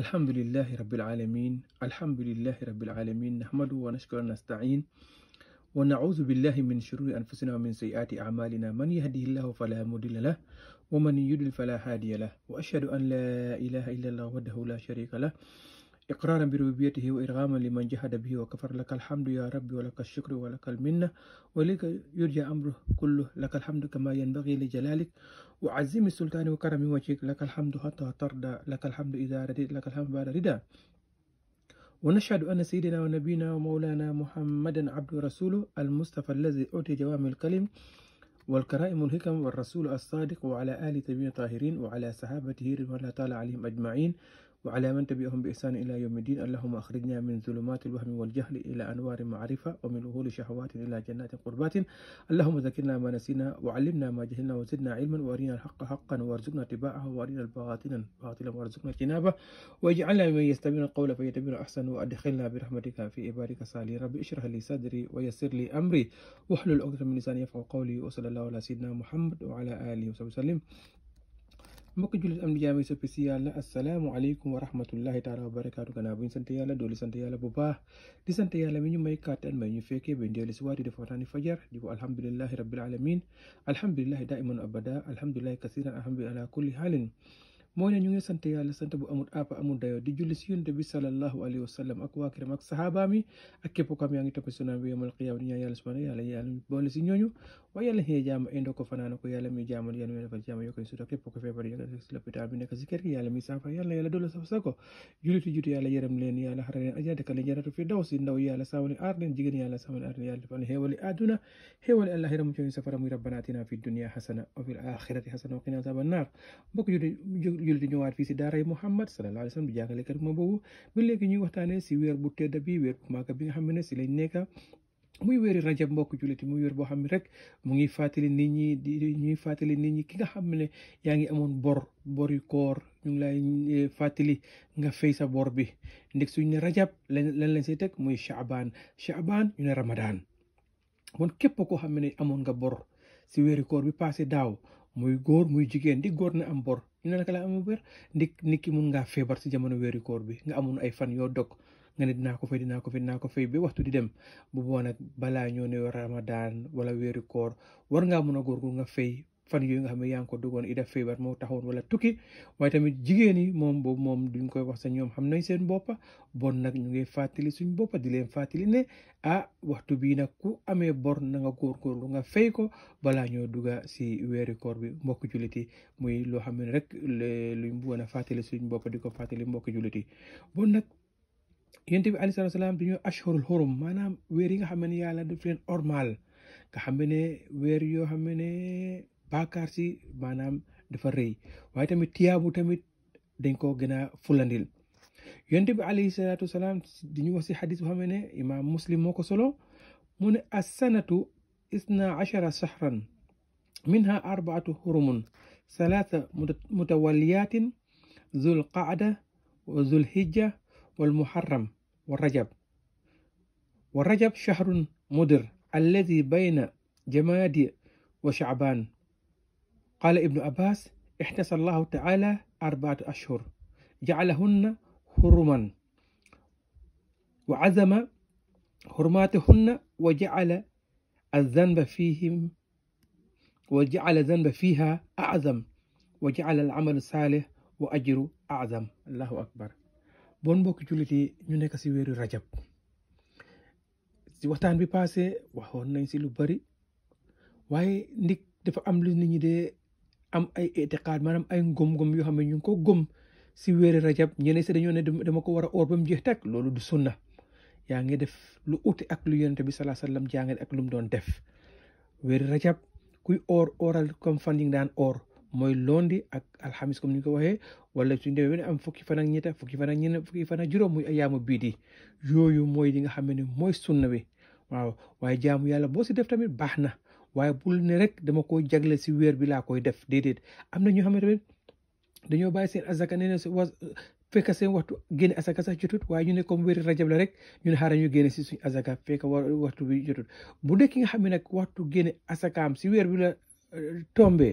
الحمد لله رب العالمين الحمد لله رب العالمين نحمده ونشكر ونستعين ونعوذ بالله من شرور أنفسنا ومن سيئات أعمالنا من يهده الله فلا مضل له ومن يضلل فلا هادي له وأشهد أن لا إله إلا الله وحده لا شريك له إقرارا بربوبيته وإرغاما لمن جهد به وكفر لك الحمد يا رب ولك الشكر ولك المنة ولك يرجى أمره كله لك الحمد كما ينبغي لجلالك وعزيم السلطان وكرم وجهك لك الحمد حتى ترضى لك الحمد إذا رديت لك الحمد بعد رضا ونشهد أن سيدنا ونبينا ومولانا محمدا عبد رسوله المصطفى الذي أوتي جوامع الكلم والكرائم الهكم والرسول الصادق وعلى آل تبين طاهرين وعلى صحابته رضوان الله تعالى عليهم أجمعين وعلى من تبعهم بإحسان إلى يوم الدين اللهم أخرجنا من ظلمات الوهم والجهل إلى أنوار المعرفة ومن وهول شهوات إلى جنات قربات اللهم ذكرنا ما نسينا وعلمنا ما جهلنا وزدنا علما وأرنا الحق حقا وارزقنا اتباعه وأرنا الباطل باطلا وارزقنا اجتنابه واجعلنا ممن يستمعون القول فيتبعون أحسن وأدخلنا برحمتك في عبادك الصالحين رب اشرح لي صدري ويسر لي أمري واحلل عقدة من لساني يفقه قولي وصلى الله على سيدنا محمد وعلى آله وصحبه وسلم mbokk jullit am di soppi si yàlla asalaamualeykum wa rahmatullahi taala wa barakaatu gannaaw bu ñu sant yàlla dooli sant yàlla bu baax di sant yàlla mi ñu may kàttan may ñu fekkee ba ndeeli si waat yi dafa waxtaani fajar di ko alhamdulilahi rabbil alamin alhamdulilahi daiman abada alhamdulilahi kasiran alhamdulilahi ala kulli haalin mooy ne ñu ngi sant yàlla sant bu amul àpp amul di julli si yonent bi sallallahu alayhi wa sallam ak waa kiram ak saxaabaam yi ak képp ko si ñooñu waaye yàlla mi jaamal yàlla mi defal mi saafara yàlla doolu safara muy rabbana atina fi dunya xasana wa fil axirati xasana wa qina azaban naar mbokk julli ñëwaat fii si daaray Muhammad sallallahu alaihi wasallam sallam bi jàngalekat ma boobu ba léegi ñuy waxtaanee si weer bu tedd bi weer bu màgg bi nga xam ne si nekk muy rajab mbokk jullit muy wéer boo xam ne rek mu ngi fàttali nit ñi di ñuy fatili nit ñi ki nga xam ne yaa ngi amoon bor bori koor ñu ngi lay eh, fàttali nga fay sa bor bi ndik suñ ne rajab lan lan lañ say teg muy chaabaan chaabaan ñu ne ramadaan kon képp koo xam nga bor si wéeri koor bi passé daaw muy góor muy jigéen di góor na am bor ñu na naka laa amee wér ndik nit ki mun ngaa feebar si jamono weeru koor bi nga amoon ay fan yoo dog nga ne dinaa ko fay dinaa ko fay dinaa ko fay bi waxtu di dem bu boobaa nag balaa ñoo ne ramadaan wala weeru koor war ngaa mun a góorgóorlu nga fay fan yooyu nga xam ne yaa ngi ko duggoon ida feebar moo taxoon wala tukki waaye tamit jigéen moom boobu moom duñ koy wax sa ñoom xam nañ seen boppa bon nag ñu ngi fàttali suñ boppa di leen fàttali ne ah waxtu bii nag ku amee bor na nga góorgóorlu nga fay ko balaa ñoo dugga si weeri koor bi mbokk julliti muy loo xam ne rek luñ bëggoon a fàttali suñ boppa di ko fàttali mbokk julliti bon nag yonent bi aleyhi salaatu wa salaam dañoo ashhurul maanaam weer yi nga xam ne yàlla daf leen ormal nga xam ne weer yoo xam ne baakaar si maanaam dafa rëy waaye tamit tiyaabu tamit dañ koo gën fulandil yëndib ali alayhi salaatu wasalaam di ñu wax si xadis boo xam ne muslim moo ko solo mu ne assanatu isna achara shahran minha arbaatu hurumun salaasa mutawaliyatin zul qa'da wa zul hijja wal muharram wa rajab wal rajab shahrun mudir alladi bayna jamaadi wa shacbaan قال ابن عباس احتص الله تعالى أربعة أشهر جعلهن حرما وعزم حرماتهن وجعل الذنب فيهم وجعل الذنب فيها أعظم وجعل العمل الصالح وأجر أعظم الله أكبر بون بوك jullit ني نيك سي ويرو رجب سي وقتان بي باسي واخون ناي سي لو lu واي نيك دا فا ام lu نيت ني دي am ay itiqaad maanaam ay ngëm-ngëm yoo xam ne ñu ngi ko gëm si wéeri rajab ñeneen si dañoo ne dama ko war a oor ba mu jeex loolu du sunna yaa ngi def lu uti ak lu yonent bi salaa sallam jàngale ak lu mu doon def wéeri rajab kuy oor ooral comme fan yi nga daan oor mooy loondi ak alxamis comme ni ko waxee wala suñ demee am fukki fan ak ñett fukki fan ak ñeent fukki fan juróom muy ayaamu bii di yooyu mooy li nga xam ne mooy sunna wi waaw waaye jaamu yàlla boo si def tamit baax na waaye bul ne rek dama ko jagle si weer bi laa koy def déedéet am na ñoo xam ne tamit dañoo bàyyi seen asaka nee na fekk seen waxtu génne asaka sax jotut waaye ñu ne comme wéeri rajab rek ñu ne xaaral ñu génne si suñ asaka fekk waxtu bi jotut bu dee ki nga xam ne nag waxtu génne asakaam si weer bi la euh, tombe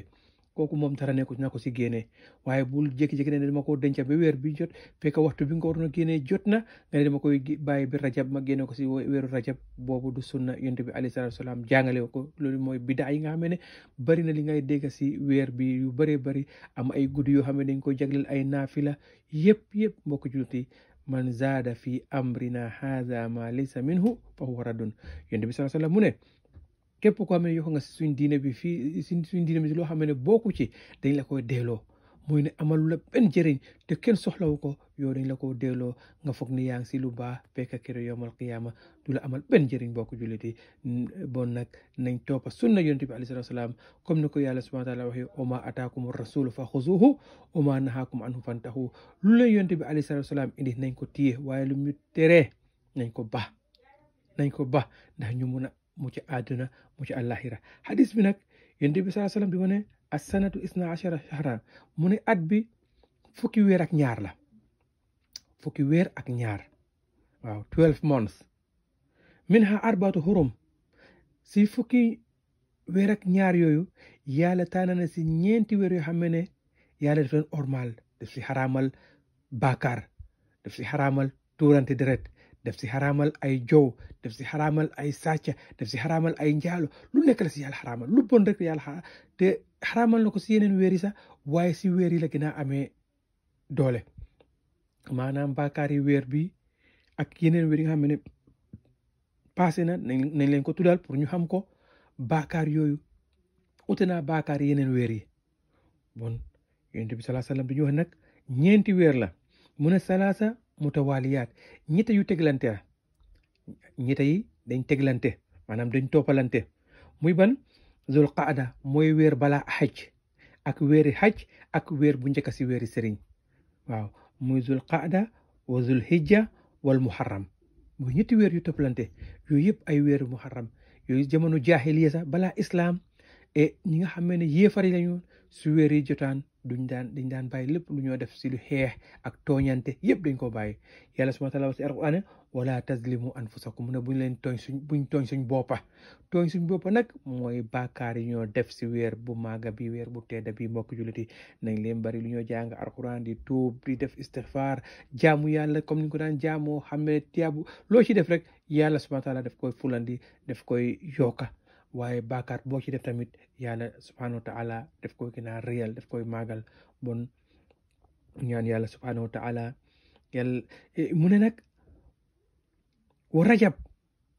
kooku moom dara nekku na ko si génnee waaye bul jékki-jékki ne dama ko denca ba weer bi jot fekk waxtu bi nga ko waroon a génnee jot na nga ne dama koy bàyyi bi rajab ma génne ko si weeru rajab boobu du sunna yonent bi alayhi salaam jàngale ko loolu mooy bidaa yi nga ne bari na li ngay dégg si weer bi yu bëree bari am ay guddi yoo xam ne dañ koy jagleel ay naafila yëpp yëpp mbokk jullit yi man zaada fi amrina haada ma laysa minhu fa huwa raddun yonent bi salaam mu ne képp koo xam ne yokk nga si suñ diine si suñ diine bi loo xam ne bokku ci dañ la koy deeloo mooy ne amalu la benn jëriñ te kenn soxlawu ko yow dañ la ko delloo nga foog ni yaa ngi si lu baax fekk kero qiyaama du la amal benn jëriñ boo ko julliti bon nag nañ toppa sunna yonent bi alayhi salaatu wasalaam comme ni ko yàlla subhaana taala waxee oma ataakum rasulu fa xuzuhu oma nahaakum anhu lu la yonent bi alayhi salaatu indi nañ ko téye waaye lu ñu teree nañ ko ba nañ ko ba ndax ñu a mu ci àdduna mu ci àllaaxira hadis bi nag yonent bi sallallahu alayhi wasallam mu ne assanatu isna mu ne at bi fukki weer ak ñaar la fukki weer ak ñaar waaw twelve months minha arbaatu hurum si fukki weer ak ñaar yooyu yàlla tànn na si ñeenti weer yoo xam ne yàlla daf leen ormal daf si xaraamal baakaar daf si xaraamal tuurante deret def si xaraamal ay jow def si xaraamal ay sàcca def si xaraamal ay njaalo lu nekk la si yàlla xaraamal lu bon rek yàlla xara te xaraamal na ko si yeneen weer yi sax waaye si weer yi la gën a amee doole maanaam bàkkaar yi weer bi ak yeneen weer yi nga xam ne passé na nañ leen ko tuddaal pour ñu xam ko bàkkaar yooyu ute naa bàkkaar yeneen weer yi bon yonent bi salaa sallam bi ñu wax nag ñeenti weer la mu ne salaasa mutawaaliyaat ñite yu teglante la ñite yi dañ teglante maanaam dañ toppalante muy ban zul qaada mooy weer bala xaj ak weeri xaj ak weer bu njëkk si weeri sëriñ waaw muy zul qaada wa zul hijja wal muharram muy ñetti weer yu toppalante yooyu yëpp ay weer muharram yooyu jamono jaahiliya sax bala islaam e ñi nga xam ne yéefar lañu su weer yi jotaan duñ daan dañ daan bàyyi lépp lu ñoo def si lu xeex ak tooñante yëpp dañ ko bàyyi yàlla subhaanahu wa taala wax si alquran wala tazlimu anfusakum mu ne buñ leen tooñ suñ buñ tooñ suñ boppa tooñ suñ boppa nag mooy bàkkaar yi ñoo def si weer bu maaga bi weer bu tedda bi mbokk jullit nañ leen bari lu ñoo jàng alquran di tuub di def istixfaar jaamu yàlla comme ni ko daan jaamoo xam ne tiyaabu loo ci def rek yàlla subhaanahu wa daf koy fulandi def koy yokka waaye bàkkaar boo ci def tamit yàlla subhanahu wa taala daf koy gën a réyal daf koy màggal bon ñaan yàlla subhanahu wa taala eh, mu ne nag wa rajab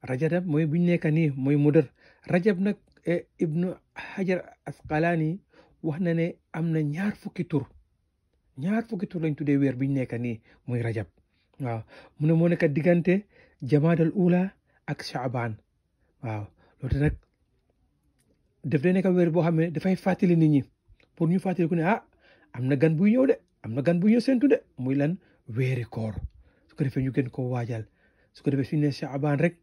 rajab mooy buñ nekk ni mooy mudar rajab nag eh, ibnu hajar asqalaani wax na ne am na ñaar fukki tur ñaar fukki tur lañ tuddee weer biñ nekk nii muy rajab waaw mu ne moo nekk diggante jamaadal ula ak chaabaan waaw loolu nag def day nekk weer boo xam ne dafay fàttali nit ñi pour ñu fàttali ku ne ah, am na gan buy ñëw de am na gan bu ñëw séntu de muy lan weeri koor su ko defee ñu gën koo waajal su ko defee suñu ne Shaaban rek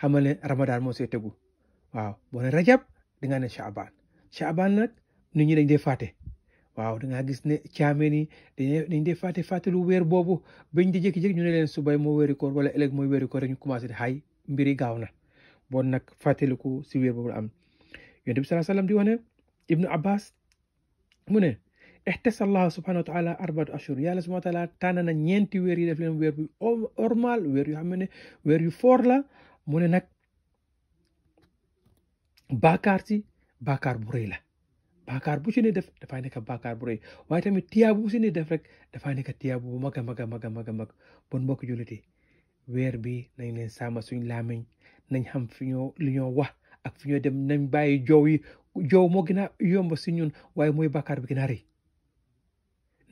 xamal ne Ramadan moo see tegu waaw boo ne rajab di nga ne Shaaban Shaaban nag nit ñi dañ dee fàtte waaw da ngaa gis ne caameen yi dañ dee fàtte fàttelu weer boobu bañ di jékki-jékki ñu ne leen subay moo weeri koor wala ëllëg mooy weeri koor rek ñu commencé di xay mbiri gaaw na bon nag fàttaliku si weer boobu am yonent bi salaa sallam di wane ibnu abbas mu ne ixtasa allahu subhanahu wa taala arbatu ashhur yàlla subhanahu wa taala tànn na ñeenti weer yi def leen weer bu normal weer yoo xam ne weer yu foor la mu ne nag baakaar si baakaar bu rëy la baakaar bu si ne def dafay nekk baakaar bu rëy waaye tamit tiyaabu bu si ne def rek dafay nekk tiyaabu bu mag a mag a mag a mag bon mbokk julliti weer bi nañ leen sàmm suñ laamiñ nañ xam fi ñoo ñoo wax ak fi ñoo dem nañ bàyyi joow yi joow moo gën yomb si ñun waaye mooy bàkkaar bi gën a rëy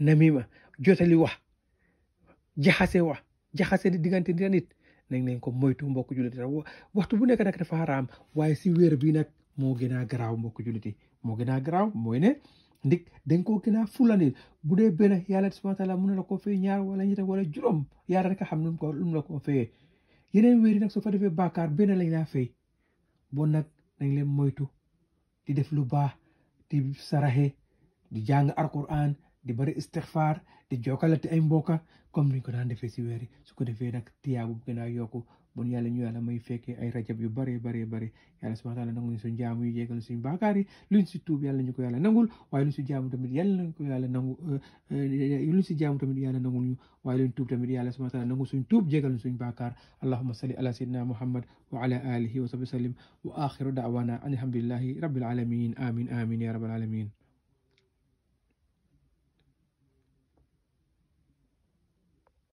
namima jotali wa jaxase wax jaxase ni diggante nit nit nañ nañ ko moytu mbokk jullit waxtu bu nekk nag dafa xaraam waaye si wéer bi nag moo gën garaaw mbokk jullit moo gën a mooy ne ndik dañ koo gën a fulani bu dee benn yàlla subhaana taala mën na la ko fay ñaar wala ñett wala juróom yàlla rek a xam lu la ko fayee yeneen wéer yi nag soo fa defee bàkkaar benn lañ laa fay bon nag dañ leen moytu di def lu baax di saraxe di jàng alquran di bari istixfaar di jokkalante ay mboka comme niñ ko daan defee si weer yi su ko defee nag tiyaabu bu gën a yokku bon yàlla ñu yàlla may fekkee ay rajab yu bare bare bare yàlla subhaana taala nangul ñu suñ jaamu yu yeggal suñ baakaar yi luñ ko yàlla nangul waaye luñ si jaamu tamit yàlla nañ ko yàlla nangu euh, si jaamu tamit yàlla nangul ñu waaye luñ tuub tamit yàlla subhaana taala nangul suñ tuub jégal suñ baakaar allahumma salli ala sayyidina muhammad wa ala alihi wa sahbihi wa sallim wa akhiru da'wana alhamdulillahi rabbil alamin amin